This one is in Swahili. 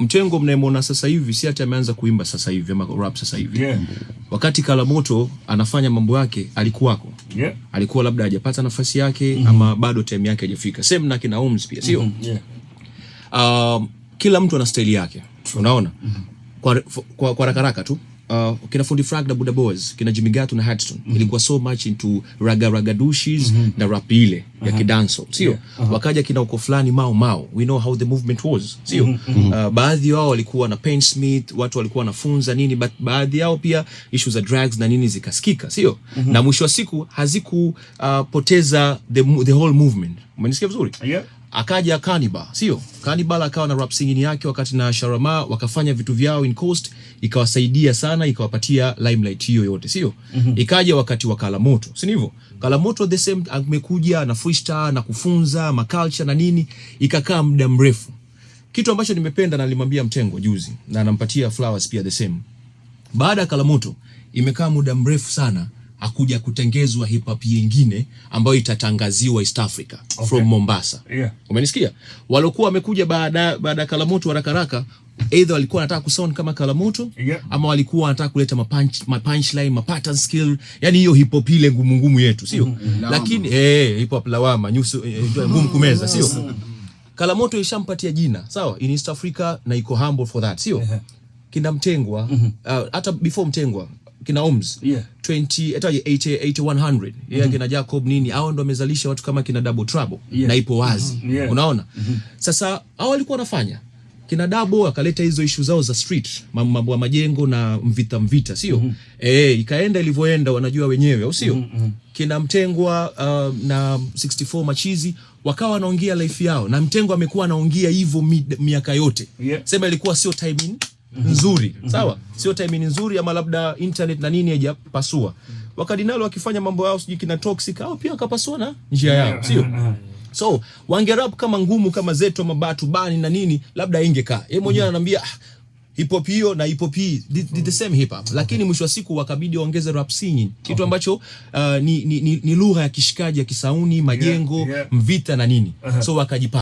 Mtengo mnayemwona sasa hivi si hata ameanza kuimba sasa hivi ama rap sasa hivi. Yeah. Wakati Kalamoto anafanya mambo yake alikuwako. Yeah. Alikuwa labda hajapata nafasi yake mm -hmm. ama bado time yake haijafika. Same na kina Omz pia sio? Mm -hmm. Yeah. Um, kila mtu ana staili yake. Unaona? Mm -hmm kwa kwa, kwa rakaraka tu uh, kina Fundi Frank na Buda Boys, kina Jimmy Gato na Hardstone mm -hmm. ilikuwa so much into raga raga douches mm -hmm. na rap ile uh -huh. ya kidanso sio yeah. uh -huh. wakaja kina uko fulani mao mao, we know how the movement was sio mm -hmm. uh, baadhi yao walikuwa na Pain Smith, watu walikuwa wanafunza nini, but baadhi yao pia issues za drugs na nini zikasikika sio mm -hmm. na mwisho wa siku hazikupoteza uh, the, the whole movement. Umenisikia vizuri? yeah akaja Kanibal, sio Kanibal, akawa na rap singing yake wakati na Sharama wakafanya vitu vyao in coast, ikawasaidia sana, ikawapatia limelight hiyo yote, sio mm -hmm. Ikaja wakati wa Kala Moto, si hivyo? Kala Moto the same amekuja na freestyle na kufunza maculture na nini, ikakaa muda mrefu, kitu ambacho nimependa na nilimwambia Mtengo juzi na nampatia flowers pia the same. Baada ya Kala Moto imekaa muda mrefu sana akuja kutengezwa hip hop nyingine ambayo itatangaziwa East Africa okay. from Mombasa yeah. Umenisikia? Walokuwa wamekuja baada baada Kalamoto haraka haraka, either walikuwa wanataka kusound kama Kalamoto yeah. ama walikuwa wanataka kuleta mapunch mapunchline mapattern skill, yani hiyo hip hop ile ngumu ngumu yetu, sio mm -hmm. lakini eh hey, hip hop lawama nyuso eh, eh ngumu kumeza, sio mm-hmm. Kalamoto ishampatia jina sawa in East Africa na iko humble for that, sio yeah. Kinda Mtengwa mm -hmm. uh, hata before Mtengwa kina Oms yeah. 20 hata 80 8100 yeah, mm -hmm. kina Jacob nini, hao ndo wamezalisha watu kama kina Double Trouble yeah. na ipo wazi mm -hmm. yeah. unaona mm -hmm. Sasa hao walikuwa wanafanya kina Dabo akaleta hizo issue zao za street mambo ya majengo na mvita mvita, sio mm -hmm. eh, ikaenda ilivyoenda, wanajua wenyewe, au sio mm -hmm. kina Mtengwa uh, na 64 machizi wakawa wanaongea life yao, na Mtengwa amekuwa anaongea hivyo miaka yote yeah. Sema ilikuwa sio timing nzuri sawa, sio timing nzuri, ama labda internet na nini haijapasua. Wakadinalo wakifanya mambo yao sijui kina toxic au pia akapasua na njia yao, sio so wangerap kama ngumu kama zetu mabatu bani na nini, labda ingekaa yeye mwenyewe mm-hmm. ananiambia ah, hip hop hiyo na hip hop hii did the same hip hop, mm-hmm. lakini mwisho wa siku wakabidi waongeze rap singing, kitu ambacho uh, ni, ni, ni, ni lugha ya kishikaji ya kisauni, majengo, yeah, yeah, mvita na nini, uh-huh. so wakajipa